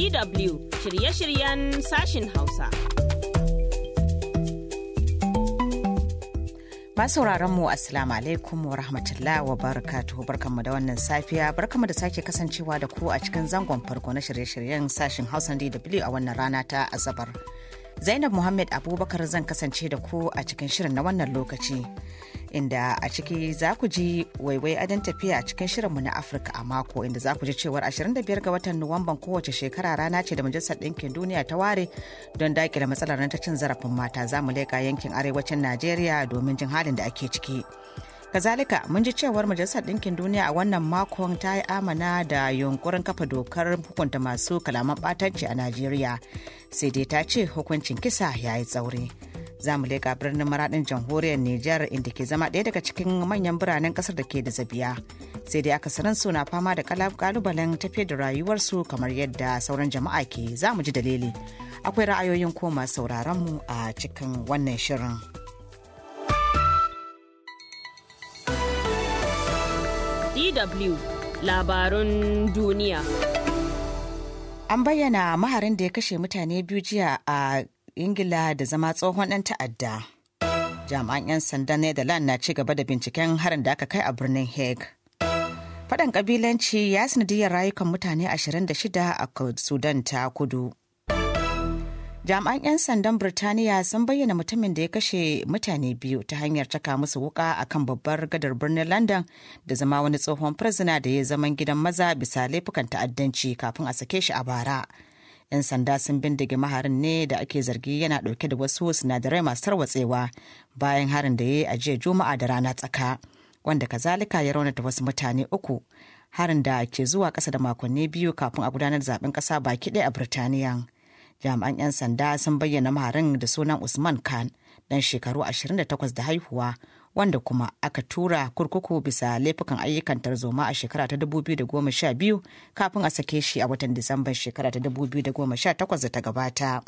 DW shirye-shiryen sashin Hausa. sauraron mu assalamu alaikum wa rahmatullah wa barakatuhu barkanmu da wannan safiya barkanmu da sake kasancewa da ku a cikin zangon farko na shirye-shiryen sashin Hausa DW a wannan rana ta Asabar. Zainab Muhammad Abubakar zan kasance da ku a cikin shirin na wannan lokaci. inda a ciki za ku ji waiwai adon tafiya a cikin shirinmu na Afirka a mako inda za ku ji cewar 25 ga watan Nuwamban kowace shekara rana ce da Majalisar Ɗinkin Duniya ta ware don daƙile matsalar ta cin zarafin mata za mu leƙa yankin arewacin Najeriya domin jin halin da ake ciki. kazalika mun ji cewar majalisar ɗinkin duniya a wannan makon ta yi amana da yunkurin kafa dokar hukunta masu kalaman ɓatanci a najeriya sai dai ta ce hukuncin kisa ya yi tsauri za mu leƙa birnin maraɗin jamhuriyar nijar inda ke zama ɗaya daga cikin manyan biranen ƙasar da ke da zabiya sai dai akasarin su na fama da kalubalen tafiyar da rayuwarsu kamar yadda sauran jama'a ke za mu ji dalili akwai ra'ayoyin koma sauraronmu a cikin wannan shirin. DW labarun duniya. An bayyana maharin da ya kashe mutane biyu jiya a Ingila da zama tsohon ɗan ta'adda. Jami'an 'yan sandan Netherlands na ci gaba da binciken harin da aka kai a birnin Hague. Faɗan ƙabilanci ya sanadiyar rayukan mutane 26 a Sudan ta kudu. jami'an 'yan sandan birtaniya sun bayyana mutumin da ya kashe mutane biyu ta hanyar caka musu wuka a kan babbar gadar birnin london da zama wani tsohon firzina da ya zaman gidan maza bisa laifukan ta'addanci kafin a sake shi a bara 'yan sanda sun bindige maharin ne da ake zargi yana dauke da wasu sinadarai masu tarwatsewa bayan harin da ya yi a juma'a da rana tsaka wanda kazalika ya raunata wasu mutane uku harin da ke zuwa kasa da makonni biyu kafin a gudanar zaben kasa baki ɗaya a birtaniya jami'an 'yan sanda sun bayyana maharin da sunan usman khan dan shekaru 28 da haihuwa wanda kuma aka tura kurkuku bisa laifukan ayyukan tarzoma a shekara ta 2012 kafin a sake shi a watan disamban shekara ta 2018 da ta gabata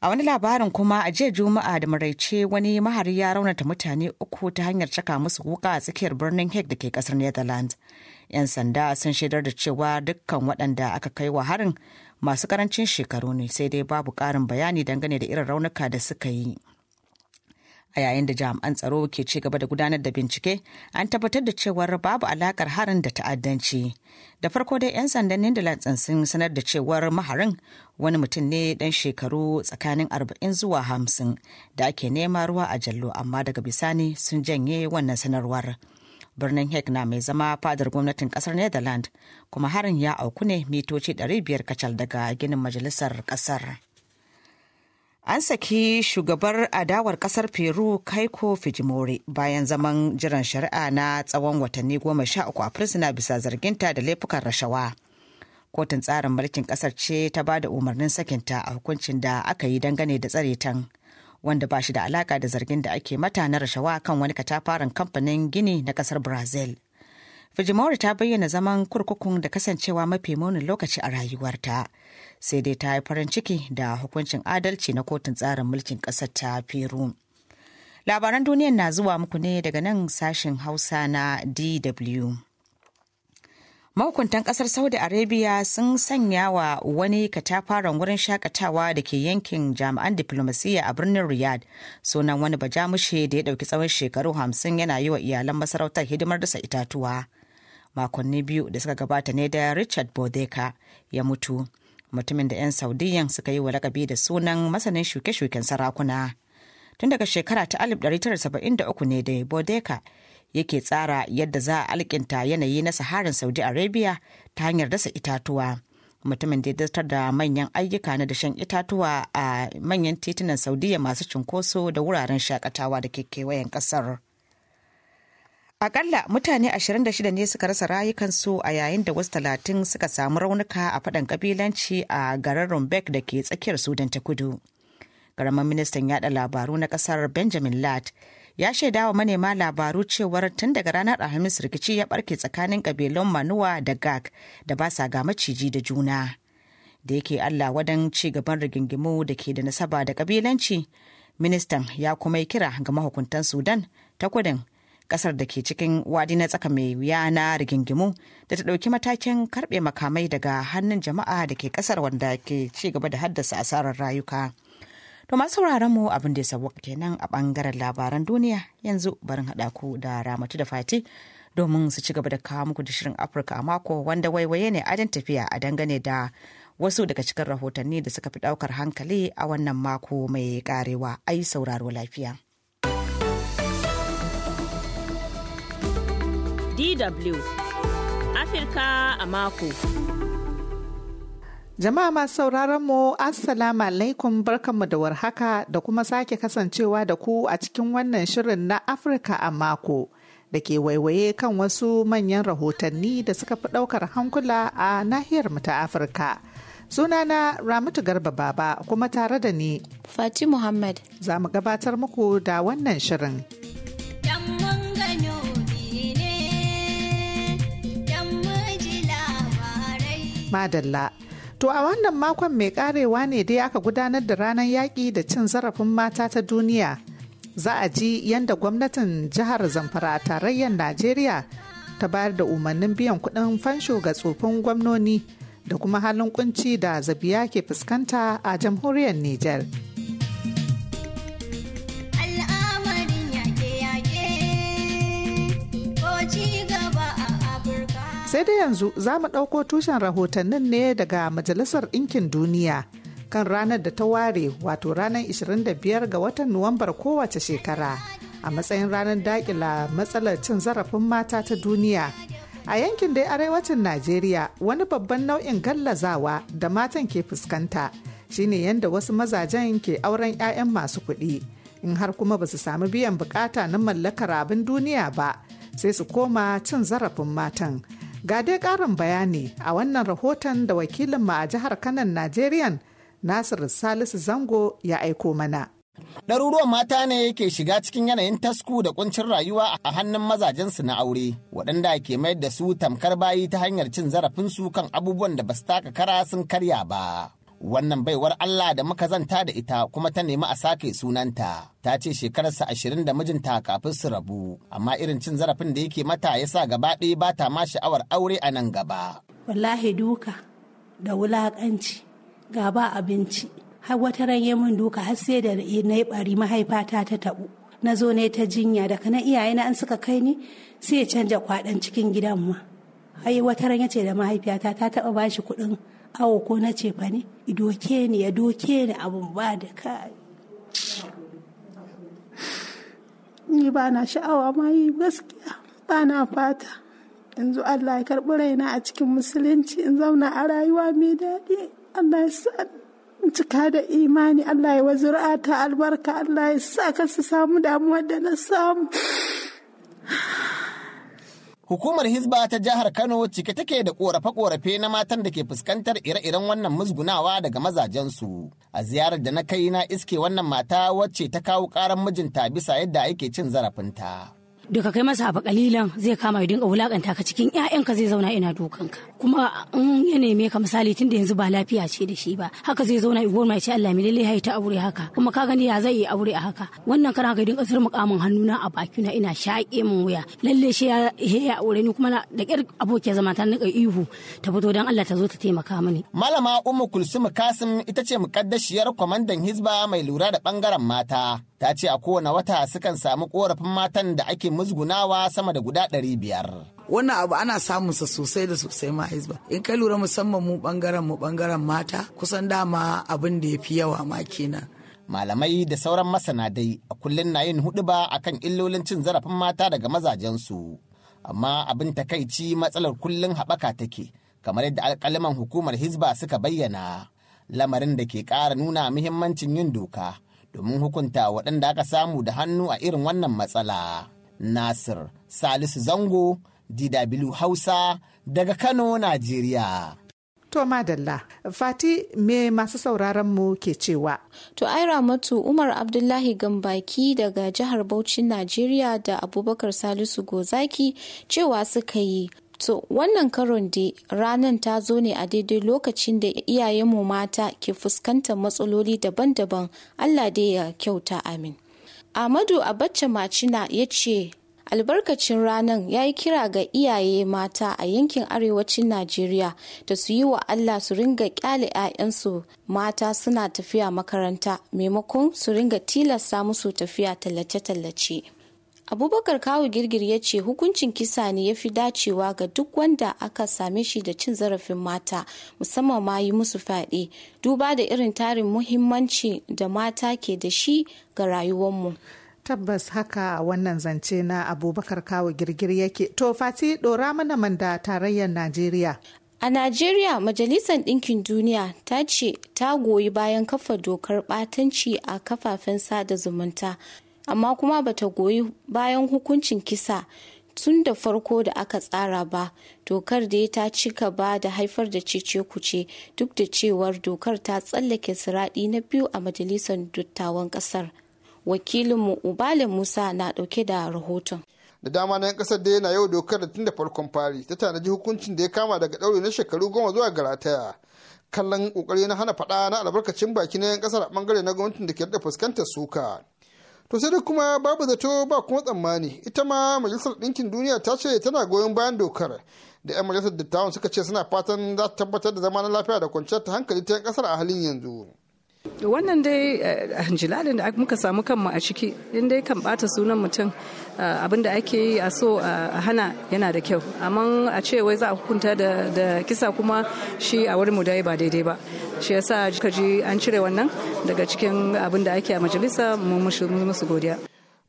a wani labarin kuma a jiya juma'a da maraice wani mahari ya raunata mutane uku ta hanyar caka musu wuka a tsakiyar birnin hague da ke kasar netherlands 'yan sanda sun shaidar da cewa dukkan waɗanda aka kai wa harin masu karancin shekaru ne sai dai babu ƙarin bayani dangane da irin raunuka da suka yi a yayin da jami'an tsaro ke ci gaba da gudanar da bincike an tabbatar da cewar babu alakar harin da ta'addanci da farko dai 'yan sandan netherlands sun sanar da cewar maharin wani mutum ne dan shekaru tsakanin arba'in zuwa hamsin da ake nema ruwa a jallo amma daga bisani sun janye wannan sanarwar. birnin hague na mai zama fadar gwamnatin kasar netherlands kuma harin ya auku ne mitoci 500 kacal daga ginin majalisar kasar an saki shugabar adawar kasar peru kaiko fijimori bayan zaman jiran shari'a na tsawon watanni goma sha uku a fursuna bisa zarginta da laifukan rashawa kotun tsarin mulkin kasar ce ta bada umarnin sakinta a hukuncin da aka yi dangane da tsaretan wanda ba shi da alaka da zargin da ake mata na rashawa kan wani katafaren kamfanin gini na kasar brazil fujimori ta bayyana zaman kurkukun da kasancewa mafi munin lokaci a rayuwarta sai dai ta yi farin ciki da hukuncin adalci na kotun tsarin mulkin ƙasar ta peru labaran duniyan na zuwa muku ne daga nan sashen hausa na dw mahukuntan kasar saudi arabia sun sanya wa wani katafaren wurin shakatawa da ke yankin jami'an diplomasiyya a birnin riyadh sunan wani bajamushe da ya dauki tsawon shekaru hamsin yana yi wa iyalan masarautar hidimar dasa itatuwa makonni biyu da suka gabata ne da richard bodeka ya mutu mutumin da 'yan Saudiyyan suka yi wa lakabi da sunan masanin shuke-shuken sarakuna tun daga shekara ta 1973 ne dai bodeka yake tsara yadda za a alkinta yanayi na saharin saudi arabia ta hanyar dasa itatuwa mutumin da ya da manyan ayyuka na dashen itatuwa a manyan titunan saudiya masu cunkoso da wuraren shakatawa da ke kewayen kasar akalla mutane 26 ne suka rasa rayukansu a yayin da wasu talatin suka samu raunuka a faɗan kabilanci a garin rumbek da ke tsakiyar sudan ta kudu Garama ministan yada labaru na ƙasar benjamin lat ya shaida wa manema labaru cewar tun daga ranar alhamis rikici ya barke tsakanin kabilun manuwa da gag da ba ga maciji da juna da yake allah wadan ci gaban rigingimu da ke da nasaba da kabilanci ministan ya kuma yi kira ga mahukuntan sudan ta kudin kasar da ke cikin wadi na tsaka mai wuya na rigingimu da ta ɗauki matakin karɓe makamai daga hannun jama'a da ke ƙasar wanda ke ci gaba da haddasa asarar rayuka To masu mu abin da ya sabo kenan a bangaren labaran duniya yanzu barin haɗaku ku da ramatu da fati domin su ci gaba da kawo muku da shirin Afirka a mako wanda waiwaye ne adin tafiya a dangane da wasu daga cikin rahotanni da suka fi ɗaukar hankali a wannan mako mai karewa ai sauraro lafiya. DW Afirka a mako. Jama'a masu sauraron mu Assalamu alaikum barkanmu da warhaka da kuma sake kasancewa da ku a cikin wannan shirin na Afirka a mako da ke waiwaye kan wasu manyan rahotanni da suka fi ɗaukar hankula a nahiyar mu ta Afirka. Sunana Ramatu Garba Baba kuma tare da ni. Fati Muhammad. Za mu gabatar muku da wannan shirin. Madalla. To a wannan makon mai karewa ne dai aka gudanar da ranar yaƙi da cin zarafin mata ta duniya. Za a ji yadda gwamnatin jihar Zamfara a tarayyar Najeriya ta bayar da umarnin biyan kuɗin fansho ga tsofin gwamnoni da kuma halin kunci da zabiya ke fuskanta a jamhuriyar Nijar. sai dai yanzu za mu ɗauko tushen rahotannin ne daga majalisar ɗinkin duniya kan ranar da ta ware wato ranar 25 ga watan nuwambar kowace shekara a matsayin ranar daƙila matsalar cin zarafin mata ta duniya a yankin dai arewacin najeriya wani babban nau'in gallazawa da matan ke fuskanta shine yadda wasu mazajen ke auren 'ya'yan masu kuɗi in har kuma ba su sami biyan bukata na mallakar abin duniya ba sai su koma cin zarafin matan Ga dai ƙarin bayani a wannan rahoton da wakilinmu a jihar Kanan Najeriya Nasir Salisu Zango ya aiko mana. Ɗaruruwan mata ne ke shiga cikin yanayin tasku da kuncin rayuwa a hannun mazajensu na aure, waɗanda ke mayar da su tamkar bayi ta hanyar cin zarafinsu kan abubuwan da ba su taka kara sun karya ba. wannan baiwar Allah da muka zanta da ita kuma ta nemi a sake sunanta. Ta ce shekararsa ashirin da mijinta kafin su rabu, amma irin cin zarafin da yake mata ya sa gaba ɗaya ba ta ma sha'awar aure a nan gaba. Wallahi duka da wulaƙanci, ba abinci, har wata ran min duka har sai da na yi ɓari mahaifata ta taɓu. Na zo ne ta jinya daga na iyaye na an suka kai ni sai ya canja kwaɗan cikin gidan ma. ayi wata ran ya ce da mahaifiyata ta taɓa bashi kuɗin awo ko na ce ne doke ni ya doke ni abun ba da ka ni ba na sha'awa ma yi gaskiya ba na fata yanzu Allah ya karɓi raina a cikin musulunci in zauna a rayuwa mai daɗi Allah ya sa cika da imani Allah ya wazura ta albarka Allah ya sa ka su samu damuwar da na samu Hukumar Hizba ta jihar Kano cike take da korafe-korafe na matan da ke fuskantar ire-iren wannan musgunawa daga mazajensu. A ziyarar da na kai na iske wannan mata wacce ta kawo karan mijinta bisa yadda ake cin zarafinta. daga kai masa abu kalilan zai kama ya dinga wulakanta ka cikin ƴaƴanka zai zauna ina ka kuma in ya neme ka misali tunda yanzu ba lafiya ce da shi ba haka zai zauna ya goma ya ce Allah lalle hai ta aure haka kuma ka gani ya zai yi aure a haka wannan kana ka dinga zurmu kamun hannuna a bakina ina shaƙe min wuya lalle shi ya ya aure ni kuma da ƙyar abokiyar zama ta nika ihu ta fito dan Allah ta zo ta taimaka mini malama ummu kulsum kasim ita ce mukaddashiyar kwamandan hizba mai lura da bangaren mata ta ce a kowane wata sukan samu korafin matan da ake musgunawa sama da guda ɗari biyar. wannan abu ana samun sa sosai da sosai ma haizba in ka lura musamman mu bangaren mu bangaren mata kusan dama abin da ya fi yawa ma kenan malamai da sauran masana dai a kullum na yin hudu ba akan illolin cin zarafin mata daga mazajensu amma abin takaici matsalar kullum haɓaka take kamar yadda alƙaliman hukumar hizba suka bayyana lamarin da ke ƙara nuna muhimmancin yin doka domin hukunta waɗanda aka samu da hannu a irin wannan matsala. Nasir Salisu Zango, DW Hausa daga Kano, Najeriya. To madalla, Fati me masu sauraron mu ke cewa. To Aira Matu Umar Abdullahi Gambaki daga jihar Bauchi Najeriya da Abubakar Salisu Gozaki cewa suka yi To wannan karon dai ranar ta zo ne a daidai lokacin da iyayenmu mata ke fuskantar matsaloli daban-daban Allah da ya kyauta amin. Amadu Abacha Macina ya ce albarkacin ranar ya yi kira ga iyaye mata a yankin arewacin Najeriya da su yi wa Allah su ringa kyale 'ya'yansu mata suna tafiya makaranta maimakon su ringa tilasta musu tafiya tallace-tallace. abubakar kawu girgir ya ce hukuncin kisa ne ya fi dacewa ga duk wanda aka same shi da cin zarafin mata musamman ma yi musu fyaɗe duba da irin tarin muhimmanci da mata ke da shi ga rayuwarmu tabbas haka wannan zance na abubakar kawo girgir yake to fati dora mana manda tarayyar najeriya A Najeriya, Majalisar Ɗinkin Duniya ta ce ta goyi bayan kafa dokar batanci a kafafen sada zumunta. amma kuma bata goyi bayan hukuncin kisa tun da farko da aka tsara ba dokar da ta cika ba da haifar da cece kuce duk da cewar dokar ta tsallake siradi na biyu a majalisar dattawan kasar wakilinmu ubale musa na dauke da rahoton da dama na 'yan kasar da yana yau dokar da tun da farkon fari ta tanaji hukuncin da ya kama daga ɗaure na shekaru goma zuwa garataya kallon kokari na hana faɗa na albarkacin baki na 'yan kasar a bangare na gwamnatin da ke da fuskantar suka to sai da kuma babu zato ba kuma tsammani ita ma majalisar ɗinkin duniya ta ce tana goyon bayan dokar da 'yan majalisar dattawan suka ce suna fatan za ta tabbatar da zama na lafiya da kwanciyar ta hankali ta 'yan kasar a halin yanzu wannan dai hanjilalin eh, da muka samu kanmu a ciki in dai kan bata sunan mutum eh, abin da ake yi a so eh, a hana yana da kyau amma a ce wai za a hukunta da kisa kuma shi a wurin mu dai ba daidai ba shi yasa ka ji an cire wannan daga cikin abin da ake a majalisa mu musu godiya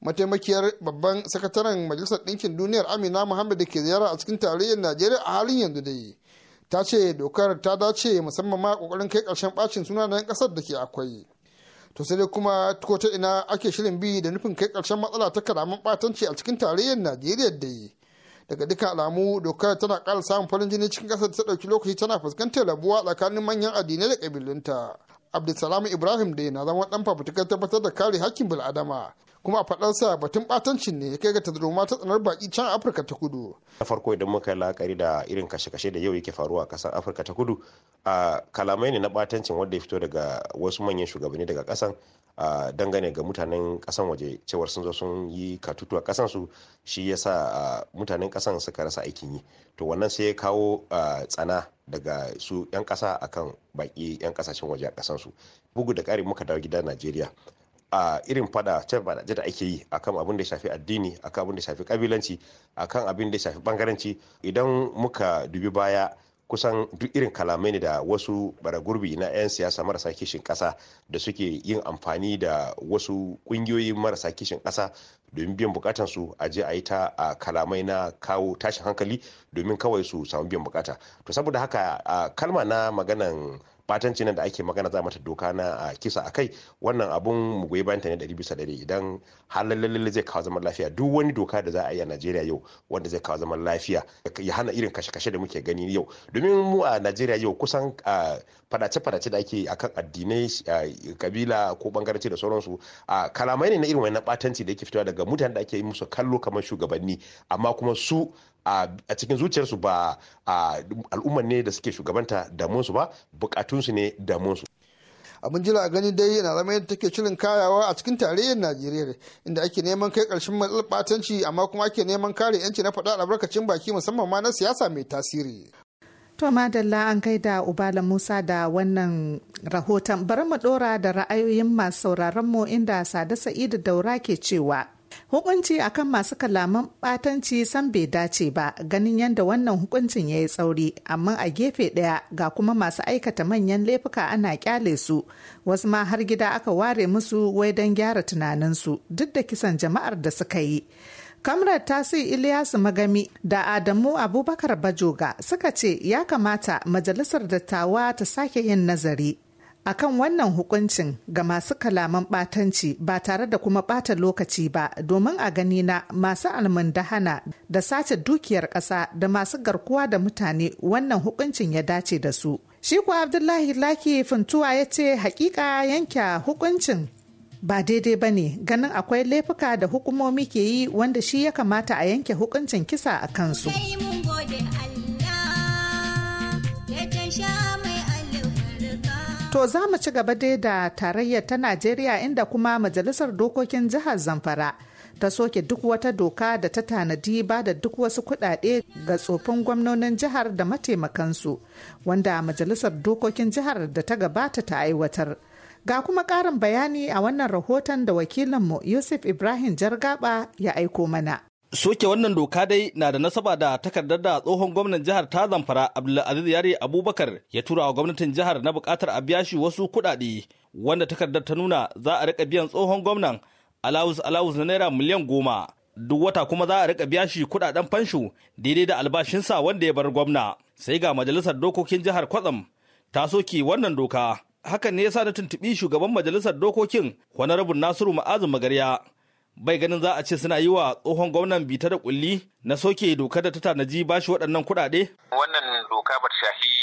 mataimakiyar babban sakataren majalisar ɗinkin duniyar amina muhammad da ke ziyara a cikin tarayyar najeriya a halin yanzu dai ta ce dokar ta dace musamman ma kokarin kai karshen bacin sunanan kasar da ke akwai to sai dai kuma ko ta ina ake shirin bi da nufin kai karshen matsala ta karamin batanci a cikin tarayyar najeriya da yi daga duka alamu dokar tana ƙara samun farin jini cikin kasar ta ɗauki lokaci tana fuskantar rabuwa tsakanin manyan addinai da ƙabilunta abdulsalam ibrahim dai na zama dan fafutukar tabbatar da kare hakkin bil'adama kuma a fadarsa batun batancin ne ya kai ga tazaruma ta tsanar baki can afirka ta kudu na farko idan muka yi la'akari da irin kashe-kashe da yau yake faruwa a kasar afirka ta kudu a kalamai ne na batancin wanda ya fito daga wasu manyan shugabanni daga kasan a dangane ga mutanen kasan waje cewar sun zo sun yi katutu a kasan su shi yasa mutanen kasan suka rasa aikin yi to wannan sai ya kawo tsana daga su 'yan ƙasa akan baki 'yan kasashen waje a kasansu bugu da ƙari muka dawo gida najeriya a irin fada fadace da ake yi akan abin da shafi addini akan abin da shafi kabilanci akan abin da shafi bangaranci idan muka dubi baya kusan duk irin kalamai ne da wasu bara gurbi na 'yan siyasa marasa kishin ƙasa da suke yin amfani da wasu ƙungiyoyi marasa kishin ƙasa domin biyan bukatan su a je a yi ta a kalamai na kawo tashin hankali domin kawai su samu biyan bukata to saboda haka kalma na maganan batanci nan da ake magana za mata doka na a kisa a kai wannan abun mu goyi bayan ta ne ɗari bisa idan har zai kawo zaman lafiya duk wani doka da za a yi a Najeriya yau wanda zai kawo zaman lafiya ya hana irin kashe-kashe da muke gani yau domin mu a Najeriya yau kusan fadace-fadace da ake akan addinai kabila ko bangaranci da sauransu kalamai ne na irin wannan batanci da yake fitowa daga mutanen da ake yi musu kallo kamar shugabanni amma kuma su a cikin zuciyarsu ba al'ummar ne da suke shugabanta damunsu ba bukatunsu ne damunsu. abin jira a gani dai yana zama yadda take shirin kayawa a cikin tarayyar najeriya inda ake neman kai karshen matsalbatanci amma kuma ake neman kare yanci na faɗa albarkacin baki musamman ma na siyasa mai tasiri to madalla an kai da ubala musa da wannan rahoton bari mu dora da ra'ayoyin masu sauraron mu inda sada sa'idu daura ke cewa Hukunci akan masu kalaman ɓatanci san bai dace ba ganin yadda wannan hukuncin ya yi tsauri amma a gefe ɗaya ga kuma masu aikata manyan laifuka ana kyale su wasu ma har gida aka ware musu wai don gyara tunaninsu duk da kisan jama'ar da suka yi. Kamrar Tasi Ilyasu Magami da Adamu Abubakar Bajoga suka ce ya kamata Majalisar Dattawa ta sake yin nazari akan wannan hukuncin ga masu kalaman batanci ba tare da kuma bata lokaci ba domin a gani na masu almundahana da sace dukiyar ƙasa da masu garkuwa da mutane wannan hukuncin ya dace da su. Shi kuwa Abdullahi Laki Funtuwa ya ce hakika yanke hukuncin ba daidai ba ne ganin akwai laifuka da hukumomi ke yi wanda shi ya kamata a yanke hukuncin kisa a kansu. To za mu ci gaba dai da tarayyar ta Najeriya inda kuma Majalisar Dokokin Jihar Zamfara ta soke duk wata doka da ta tanadi ba da duk wasu kuɗaɗe ga tsofin gwamnonin jihar da mataimakansu wanda Majalisar Dokokin Jihar da ta gabata ta aiwatar. Ga kuma ƙarin bayani a wannan rahoton da wakilinmu Yusuf Ibrahim Jargaba ya aiko mana. Soke wannan doka dai na da nasaba da takardar da tsohon gwamnan jihar ta zamfara Abdulaziz Yari Abubakar ya tura wa gwamnatin jihar na bukatar a biya shi wasu kuɗaɗe wanda takardar ta nuna za a rika biyan tsohon gwamnan alawus alawus na naira miliyan goma duk wata kuma za a rika biya shi kuɗaɗen fansho daidai da albashinsa wanda ya bar gwamna sai ga majalisar dokokin jihar kwatsam ta soke wannan doka hakan ne ya sa na tuntuɓi shugaban majalisar dokokin honorable nasiru ma'azin magarya bai ganin za a ce suna yi wa tsohon gwamnan bita da kulli na soke dokar da ta tanaji bashi waɗannan kuɗaɗe? Wannan doka ba ta shafi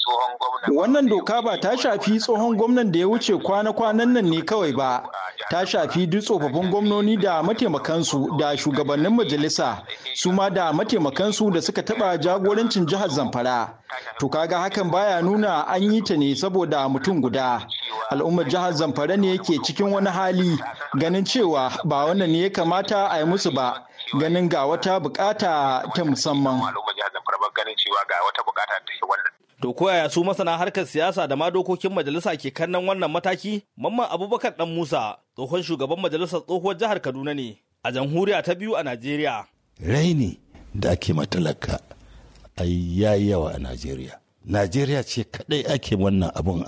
tsohon gwamnan wannan doka ba ta shafi tsohon gwamnan da ya wuce kwana-kwanan nan ne kawai ba ta shafi duk tsofaffin gwamnoni da mataimakansu da shugabannin majalisa su ma da mataimakansu da suka taba jagorancin jihar zamfara to kaga hakan baya nuna an yi ta ne saboda mutum guda al'ummar jihar zamfara ne ke cikin wani hali ganin cewa ba wannan ne ya kamata a yi musu ba ganin ga wata bukata ta musamman ganin cewa ga wata bukata ta wannan To koyaya su masana harkar siyasa da ma dokokin majalisa ke kannan wannan mataki? Mamman Abubakar Dan Musa, tsohon shugaban majalisar tsohuwar jihar Kaduna ne a jamhuriya ta biyu a Najeriya. Raini da ake matalaka a ya yawa a Najeriya. Najeriya ce kadai ake wannan abun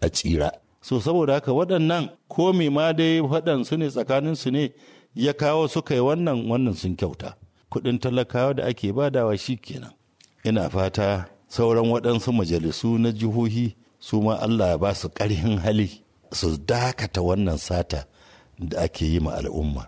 a tsira. So saboda haka waɗannan ko me ma dai waɗansu ne tsakanin su ne ya kawo su kai wannan wannan sun kyauta. Kuɗin talakawa da ake badawa shi kenan. Ina fata sauran waɗansu majalisu na jihohi su ma allah ya ba su ƙarhin hali su dakata wannan sata da ake yi ma al'umma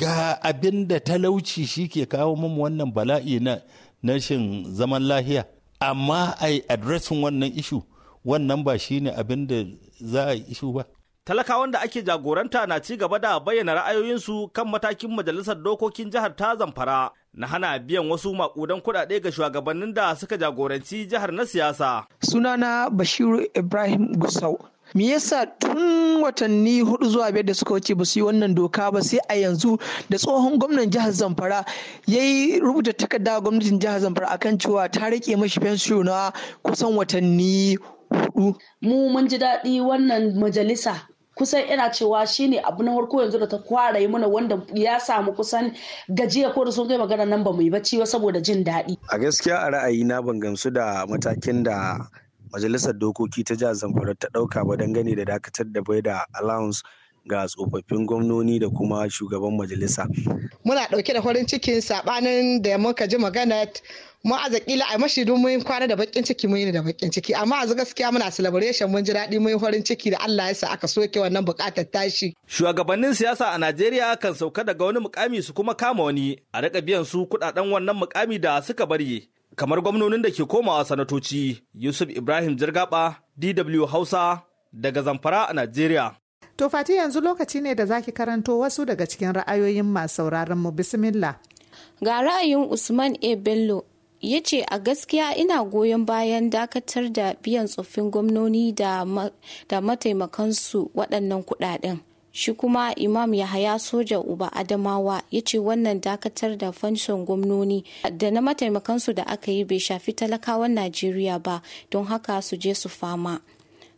ga abin da talauci shi ke kawo mamu wannan bala'i na nashin zaman lahiya amma ai adresin wannan ishu wannan ba shi ne abin da za a ishu ba talakawan da ake jagoranta na ci gaba da bayyana ra'ayoyinsu kan matakin majalisar dokokin jihar ta zamfara na hana biyan wasu makudan kudade ga shugabannin da suka jagoranci jihar na siyasa. Sunana Bashiru Ibrahim Gusau. Me yasa tun watanni hudu zuwa biyar da suka wuce ba su yi wannan doka ba sai a yanzu da tsohon gwamnan jihar Zamfara ya yi rubuta takarda gwamnatin jihar Zamfara akan cewa ta rike mashi fensiyo na kusan watanni hudu. Mu mun ji daɗi wannan majalisa kusan ina cewa shine abu na farko yanzu da ta kwara mana wanda ya samu kusan gajiya ko da sun kai magana nan ba mu yi bacci ba saboda jin daɗi. A gaskiya a ra'ayi na ban gamsu da matakin da majalisar dokoki ta jihar Zamfara ta ɗauka ba dangane da dakatar da bai da allowance ga tsofaffin gwamnoni da kuma shugaban majalisa. Muna ɗauke da farin cikin saɓanin da muka ji magana mu a zakila a mashi mun kwana da bakin ciki mu yi da bakin ciki amma a gaskiya muna celebration mun ji daɗi mu yi farin ciki da Allah ya sa aka soke wannan bukatar tashi shugabannin siyasa a Najeriya kan sauka daga wani mukami su kuma kama wani a riƙa biyan su kuɗaɗen wannan mukami da suka bari kamar gwamnonin da ke komawa sanatoci Yusuf Ibrahim Jirgaba DW Hausa daga Zamfara a Najeriya To Fati yanzu lokaci ne da zaki karanto wasu daga cikin ra'ayoyin masu sauraron mu bismillah. Ga ra'ayin Usman A. Bello ya ce a gaskiya ina goyon bayan dakatar da biyan tsoffin gwamnoni da mataimakansu waɗannan kuɗaɗen. shi kuma imam yahaya soja uba adamawa ya ce wannan dakatar da fanshon gwamnoni da na mataimakansu da aka yi bai shafi talakawan najeriya ba don haka su je su fama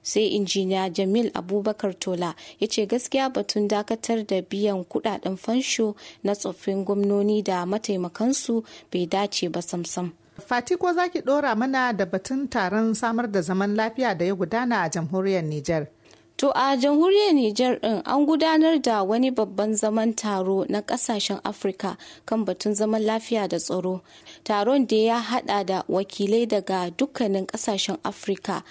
sai injiniya jamil abubakar tola ya ce gaskiya batun dakatar da biyan kudaden fansho na tsoffin gwamnoni da mataimakansu bai dace ba samsam Fati ko za ki ɗora mana da batun taron samar da zaman lafiya da ya gudana a jamhuriyar Nijar. To a jamhuriyar Nijar ɗin an gudanar da wani babban zaman taro na ƙasashen Afirka kan batun zaman lafiya da tsaro. Taron da ya haɗa da wakilai daga dukkanin ƙasashen Afirka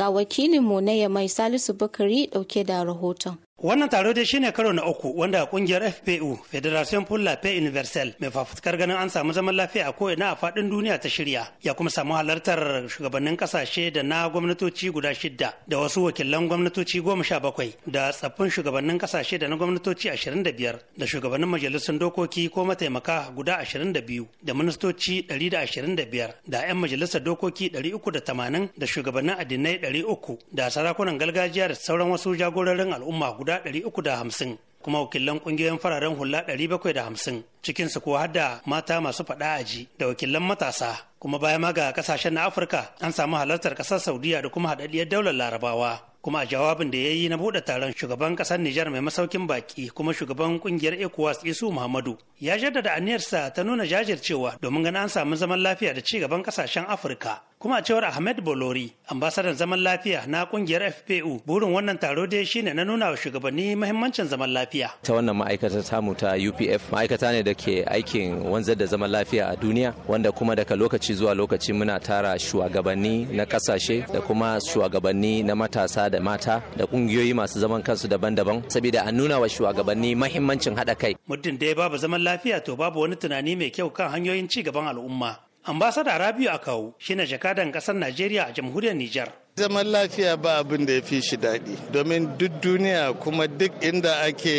Ga wakilinmu na Yamai Salisu Bukari dauke da rahoton. Wannan taro dai shine karo na uku wanda kungiyar FPU Federation pour la Paix Universelle mai fafutukar ganin an samu zaman lafiya a ko'ina a faɗin duniya ta shirya ya kuma samu halartar shugabannin kasashe da na gwamnatoci guda shida da wasu wakilan gwamnatoci goma sha bakwai da tsaffin shugabannin kasashe da na gwamnatoci ashirin da biyar da shugabannin majalisun dokoki ko mataimaka guda ashirin da biyu da ministoci ɗari da ashirin da biyar da 'yan majalisar dokoki ɗari uku da tamanin da shugabannin addinai ɗari uku da sarakunan gargajiya da sauran wasu jagororin al'umma guda guda hamsin kuma wakilan ƙungiyoyin fararen hula bakwai 750 cikinsu kuwa har da mata masu faɗa aji da wakilan matasa kuma baya ma ga kasashen na afirka an samu halartar ƙasar saudiya da kuma haɗaɗɗiyar daular larabawa kuma a jawabin da ya yi na buɗe taron shugaban ƙasar Nijar mai masaukin baki kuma shugaban ƙungiyar ECOWAS Isu Muhammadu ya jaddada aniyarsa ta nuna jajircewa domin ganin an samu zaman lafiya da ci gaban ƙasashen Afirka. Kuma a cewar Ahmed Bolori, ambasadan zaman lafiya na ƙungiyar FPU, burin wannan taro dai shine na nuna wa shugabanni muhimmancin zaman lafiya. Ta wannan ma'aikata tamu ta UPF ma'aikata ne da ke aikin wanzar da zaman lafiya a duniya wanda kuma daga lokaci zuwa lokaci muna tara shugabanni na ƙasashe da kuma shugabanni na matasa da mata da kungiyoyi masu zaman kansu daban-daban saboda a nuna wa shugabanni mahimmancin haɗa kai. Muddin dai babu zaman lafiya to babu wani tunani mai kyau kan hanyoyin ci gaban al'umma. Ambasada Rabiu Akawu shine jakadan ƙasar Najeriya a jamhuriyar Nijar zaman lafiya ba abin da ya fi shi daɗi domin duk duniya kuma duk inda ake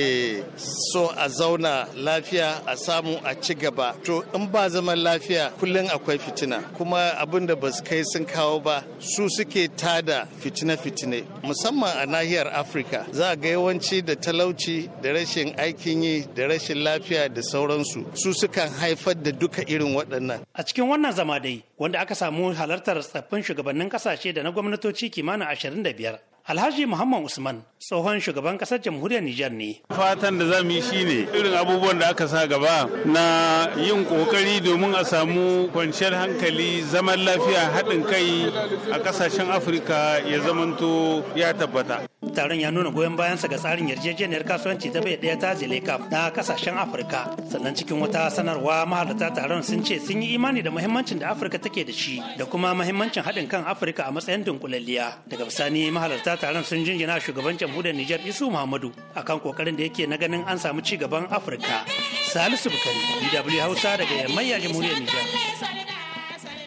so a zauna lafiya a samu a ci gaba to in ba zaman lafiya kullum akwai fitina kuma abin da ba kai sun kawo ba su suke tada fitine-fitine musamman a nahiyar afirka za a ga yawanci da talauci da rashin aikin yi da rashin lafiya da sauransu su sukan haifar da duka irin waɗannan a cikin wannan zama dai wanda aka samu halartar tsaffin shugabannin kasashe da na gwamnatoci ministoci kimanin ashirin da biyar. Alhaji Muhammad Usman tsohon shugaban ƙasar jamhuriyar Nijar ne. Fatan da zamu yi shine irin abubuwan da aka sa gaba na yin ƙoƙari domin a samu kwanciyar hankali zaman lafiya haɗin kai a ƙasashen Afirka ya zamanto ya tabbata. taron ya nuna goyon bayansa ga tsarin yarjejeniyar kasuwanci ta bai ɗaya ta jelekaf na kasashen afirka sannan cikin wata sanarwa mahalarta taron sun ce sun yi imani da muhimmancin da afirka take da shi da kuma mahimmancin haɗin kan afirka a matsayin dunkulalliya daga bisani mahalarta taron sun jinjina shugaban jamhuriyar nijar isu muhammadu akan kokarin da yake na ganin an samu ci gaban afirka salisu bukari dw hausa daga a jamhuriyar nijar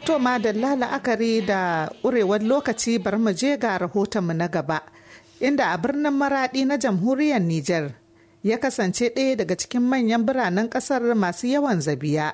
To ma da la'akari da urewar lokaci bar mu je ga rahotonmu na gaba. inda a birnin Maraɗi na jamhuriyar Nijar ya kasance ɗaya daga cikin manyan biranen ƙasar masu yawan zabiya.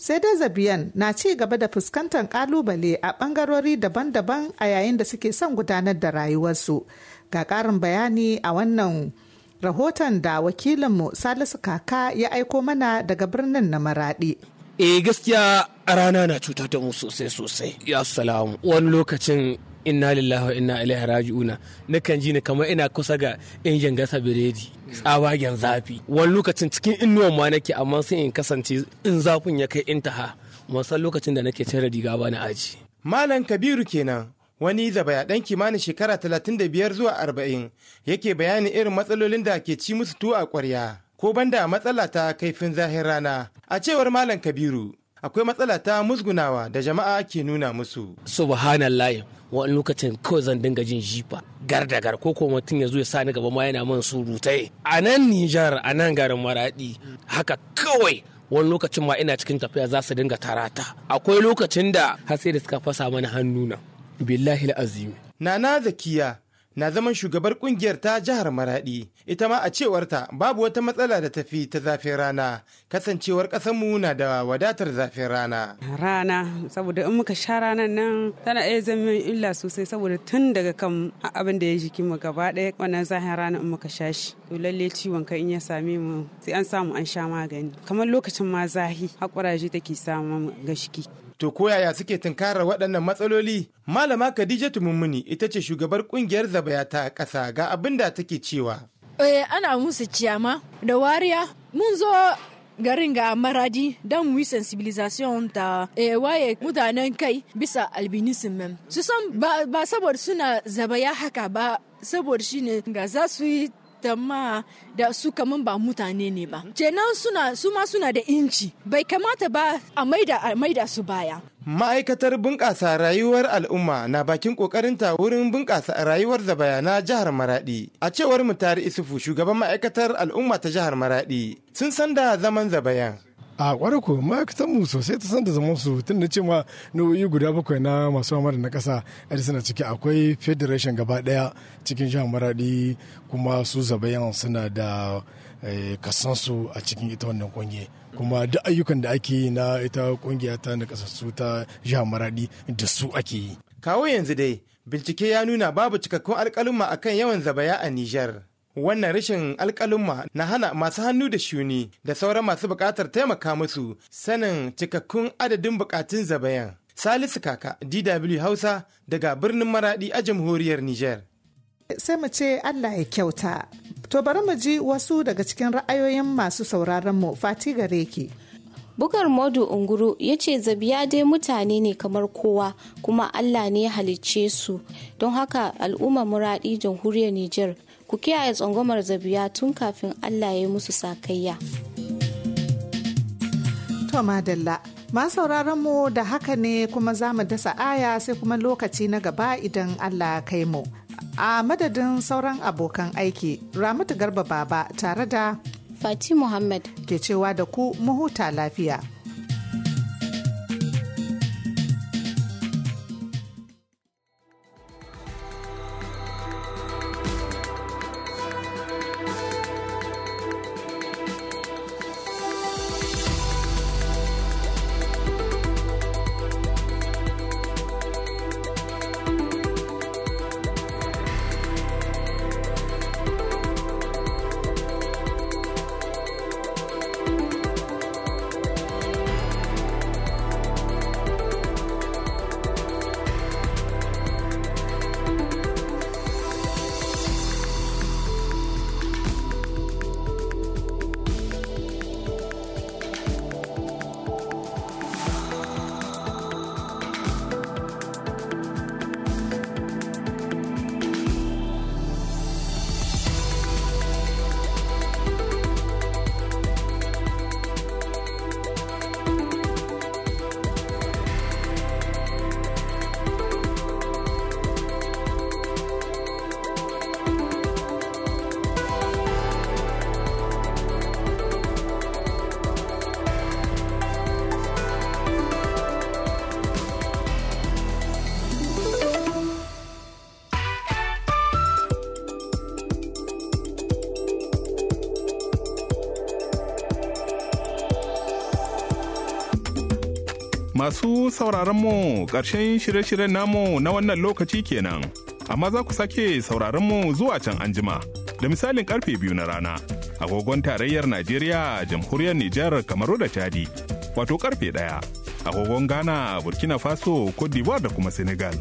Sai dai zabiyan na ci gaba da fuskantar ƙalubale a ɓangarori daban-daban a yayin da suke son gudanar da rayuwarsu. Ga ƙarin bayani a wannan rahoton da wakilinmu Salisu Kaka ya aiko mana daga birnin na Maraɗi. Eh gaskiya rana na cutar da mu sosai sosai. Ya salamu. Wani lokacin inna lillahi wa inna ilaihi raji'una nakan ji ni kamar ina kusa ga injin gasa biredi tsabagen zafi wani lokacin cikin inuwan ma nake amma sai in kasance in zafin ya kai intaha musan lokacin da nake cire riga ba aji malam kabiru kenan wani zaba ya dan kimanin shekara talatin biyar zuwa arba'in, yake bayani irin matsalolin da ke ci musu tuwo a kwarya ko banda matsala ta kaifin zahir rana a cewar malam kabiru akwai matsala ta musgunawa da jama'a ke nuna musu. Subhanallah wani lokacin kawai zan dinga jin jifa gar da gar ko kuma mutum ya zo ya sani gaba ma yana man surutai a nan Nijar a nan garin Maradi haka kawai wani lokacin ma ina cikin tafiya za su dinga tarata akwai lokacin da har sai da suka fasa mana hannuna. na billahi azimi nana zakiya na zaman shugabar kungiyar ta jihar Maradi, ita ma a cewarta babu wata matsala da tafi ta zafin rana, kasancewar mu na da wadatar zafin rana. Rana, saboda in muka sha ranar nan tana iya zama illa sosai saboda tun daga kan abin da ya jiki mu gaba ɗaya wannan zafin rana in muka sha shi. To lalle ciwon kai in ya same mu sai an samu an sha magani. Kamar lokacin ma zahi, haƙuraje take samun gashiki. To ko yaya suke tunkarar waɗannan matsaloli? Malama Khadijatu Mummuni ita ce shugabar ƙungiyar zabaya ta ƙasa ga abin da take cewa. Eh, ana musu ciyama da wariya mun zo garin ga maradi don mu sensibilisation ta e, waye mutanen kai bisa albinism mem su san ba, ba saboda suna zabaya haka ba saboda shine ga za su yi tamma da su kamar ba mutane ne ba kenan suna su ma suna da inci bai kamata ba a maida a maida su baya ma'aikatar bunƙasa rayuwar al'umma na bakin ƙoƙarinta wurin bunƙasa rayuwar da bayana jihar Maraɗi, a cewar mu mutari isufu shugaban ma'aikatar al'umma ta jihar Maraɗi, sun san da zaman zabayan a ma ka san mu sosai ta san da zaman su tun da ce ma nau'o'i guda bakwai na masu amara na kasa a suna ciki akwai federation gaba daya cikin jihar maradi kuma su zabayan suna da eh, kasansu a cikin ita wannan kungiya kuma duk ayyukan da ake yi na ita kungiya ta na kasassu ta jihar maradi da su ake yi kawo yanzu dai bincike ya nuna babu cikakkun alkaluma akan yawan zabaya a nijar Wannan rashin alkalumma na hana masu hannu da shuni da sauran masu bukatar taimaka musu sanin cikakkun adadin bukatun zabayan. Salisu Kaka, DW Hausa daga birnin Maradi a jamhuriyar Nijar. Sai mu ce Allah ya kyauta. To bari mu ji wasu daga cikin ra'ayoyin masu sauraron mu fati gare bugar Modu Unguru ya ce zabiya dai mutane ne kamar kowa kuma Allah ne ya halicce su don haka al'umma muradi jamhuriyar Nijar ku kiyaye tsangwamar zabiya tun kafin Allah ya yi musu sakayya. To Ma sauraron mu da haka ne kuma za mu dasa aya sai kuma lokaci na gaba idan Allah kai mu. A madadin sauran abokan aiki, Ramatu Garba Baba tare da Fati Muhammad ke cewa da ku mu lafiya. Masu sauraron mu ƙarshen shirye-shiryen namu na wannan lokaci kenan, amma za ku sake sauraron mu zuwa can anjima da misalin karfe biyu na rana, agogon tarayyar Najeriya, jamhuriyar Nijar, Kamaru da Chadi, wato karfe ɗaya, agogon Ghana, Burkina Faso, Cote d'Ivoire da kuma Senegal.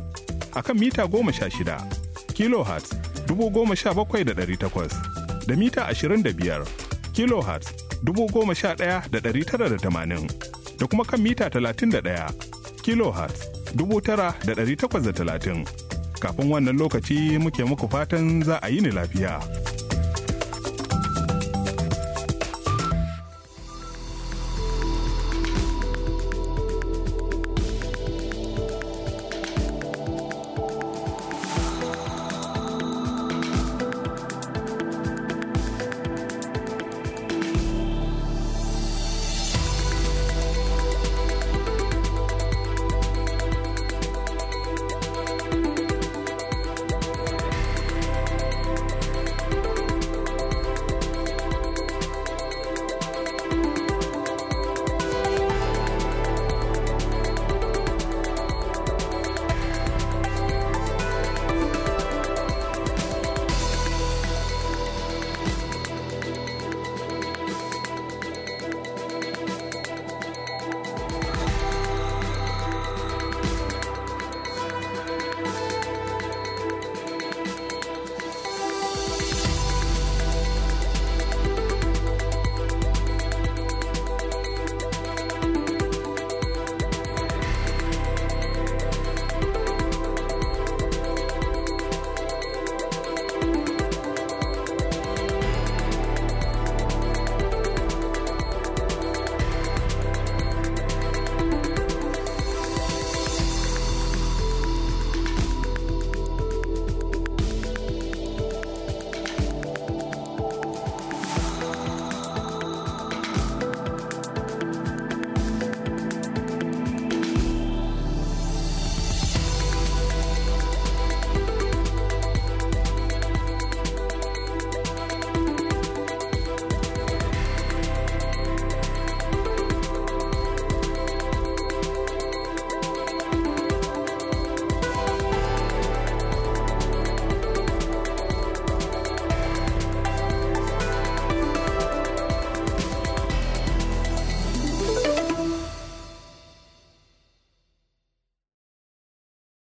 Akan mita goma sha shida, kilohertz dubu goma sha bakwai da ɗari takwas, da mita ashirin da biyar, kilohertz dubu goma sha ɗaya da ɗari tara da tamanin. da kuma kan mita 31 kilohertz talatin kafin wannan lokaci muke muku fatan za a yi ni lafiya.